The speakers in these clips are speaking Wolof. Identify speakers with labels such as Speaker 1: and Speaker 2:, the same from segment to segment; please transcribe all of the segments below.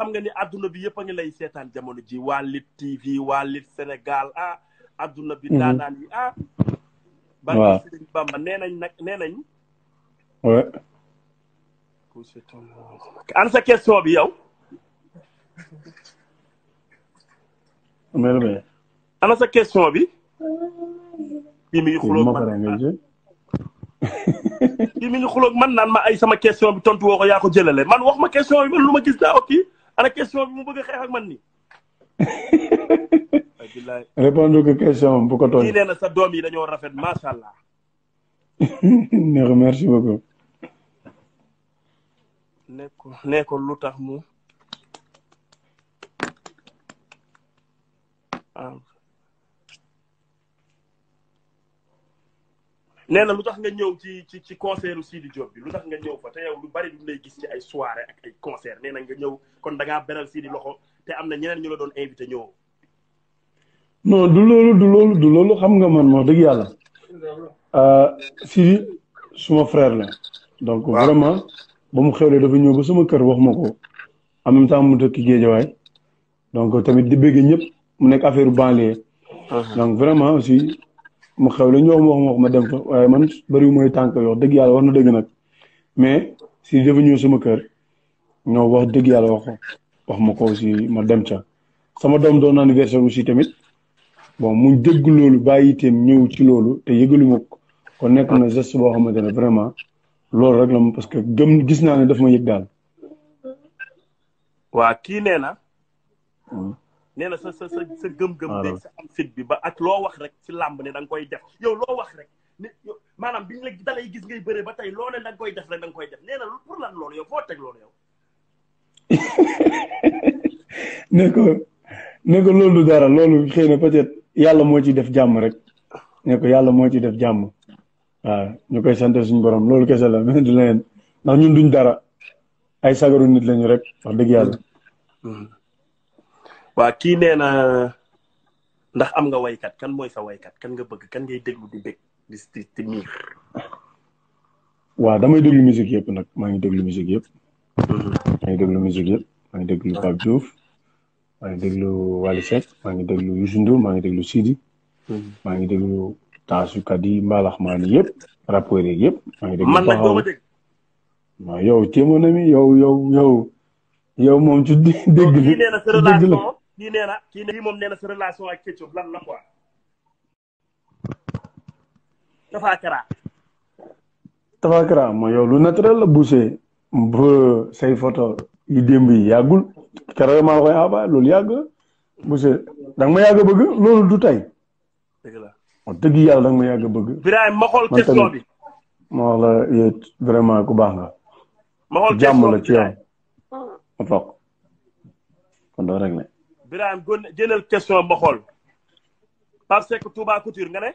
Speaker 1: xam nga ni àdduna bi yëpp a ngi lay seetaan jamono ji waa Lutte TV waa Lutte Sénégal ah, mhm.
Speaker 2: ah.
Speaker 1: nee nañ nag nee nañ. an sa question bi yow. mel ana sa question bi. bi mi ngi xulóog man ah. bi mi ngi xulóog man naan ma ay sama question bi tontu woo ko yaa ko jëlale man wax ma question bi man lu ma gis daa ok. ana question mu bëgg a xeex ak man nii.
Speaker 2: alhamdulilah. répondre ko question bu ko tooñ. lii nee
Speaker 1: na sa doom yi dañoo rafet macha allah.
Speaker 2: neex merci beaucoup.
Speaker 1: ne ko lu tax mu. Ah. nee na lu tax nga ñëw ci ci ci concert Sidi Diop bi lu tax nga ñëw fa te yow lu bari duñ lay gis ci ay soirée ak ay concert nee na nga ñëw kon da ngaa sii Sidi loxo te am na ñeneen ñu la doon invité ñëwoo.
Speaker 2: non du loolu du loolu xam nga man wax dëgg yàlla euh, Sidi suma frère la. donc vraiment ba mu xewlee dafa ñëw ba kër wax ma ko en même temps mu dëkk Géejawaay donc tamit di bëgg ñëpp mu nekk affaire banlieue. Uh-huh. donc vraiment aussi. mu xew la ñu wax ma wax ma dem fa waaye man bëriwu mooy tànk yoo dëgg yàlla wax na dëgg nag mais si dafa ñëw sama kër ñoo wax dëgg yàlla wax wax ma ko aussi ma dem ca sama doom doon anniversaire aussi tamit bon mu dégg loolu bàyyi itam ñëw ci loolu te yëgalu ko kon nekk na geste boo xamante ne vraiment loolu rek la ma parce que gëm gis naa ne daf ma yëg daal. waa
Speaker 1: kii nee na. Hmm. nee sa sa sa sa gëm-gëm sa am bi ba ak loo wax rek ci làmb ne danga koy def yow loo wax rek ne maanaam bi la dalay gis ngay bëre ba tey loo ne koy def rek koy def nee na pour lan loolu loolu yow
Speaker 2: ne ko loolu dara loolu xëy na yàlla moo ci def jàmm rek ne ko yàlla moo ci def jàmm waaw ñu koy sant suñu borom loolu kese la mais du leneen ndax ñun duñ dara ay sagaru nit lañu rek wax dëgg yàlla
Speaker 1: mm-hmm. waa kii nee na ndax am nga waykat kan mooy sa waykat kan nga bëgg kan ngay déglu di bég di di di miir.
Speaker 2: waaw damay déglu musique yëpp nag maa ngi déglu musique yëpp. Mm-hmm. maa ngi déglu yëpp maa ngi déglu Pape Diouf maa ngi déglu Wally Seck maa ngi déglu Youssou maa ngi déglu Sidi. Mm-hmm. maa ngi déglu taasukat yi mbalax maa ni yëpp rappeurs yëpp. maa ngi déglu taxaw waaw yow téeméer na mi yow yow yow yow moom ci dégg. dégg la
Speaker 1: kii nee na kii ne moom nee lan la quoi Tapha Kara
Speaker 2: Tapha Kara mooy yow lu naturel la Boucher bu say photo yi démb yi yàggul keroog maa la koy envoyé loolu yàgg Boucher da ma yàgg bëgg loolu du tey dëgg la wax dëgg yàlla da ma yàgg bëgg Birahim ma xool bi la yéet vraiment ku baax nga ma jàmm la ci yow ma toog kon doo rek ne
Speaker 1: Birahim gon jëlal question ma xool Pape Seck Touba Couture nga ne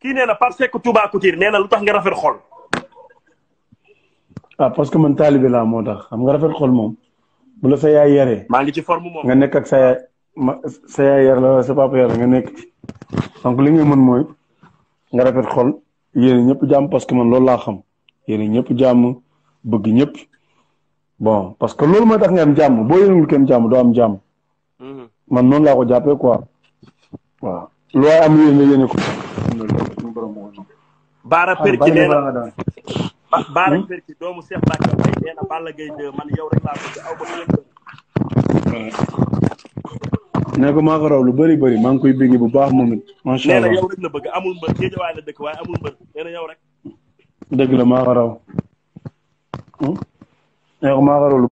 Speaker 1: kii nee na Pape Seck Touba nee na lu tax nga rafet xool
Speaker 2: ah parce que man taalibi laa moo tax xam nga rafet xool moom bu la sa yaay yaree
Speaker 1: maa ngi ci forme moom nga
Speaker 2: nekk ak sa yaay sa yaay yar la sa papa yar nga nekk donc li ngay mën mooy nga rafet xool yéen ñëpp jàmm parce que man loolu laa xam yéen ñëpp jàmm bëgg ñëpp bon parce que loolu mooy tax nga am jàmm boo yéenewul kenn jàmm doo am jàmm. Mm-hmm. man noonu laa ko jàppee quoi. waaw looy am yéene yéene ko. baara ko maa ko raw lu bëri bëri maa koy bégg bu baax moom it. macha allah nee
Speaker 1: na bëgg amul mbër géejawaay la rek.
Speaker 2: dëgg la maa ko raw. Hmm? Yok mağaralı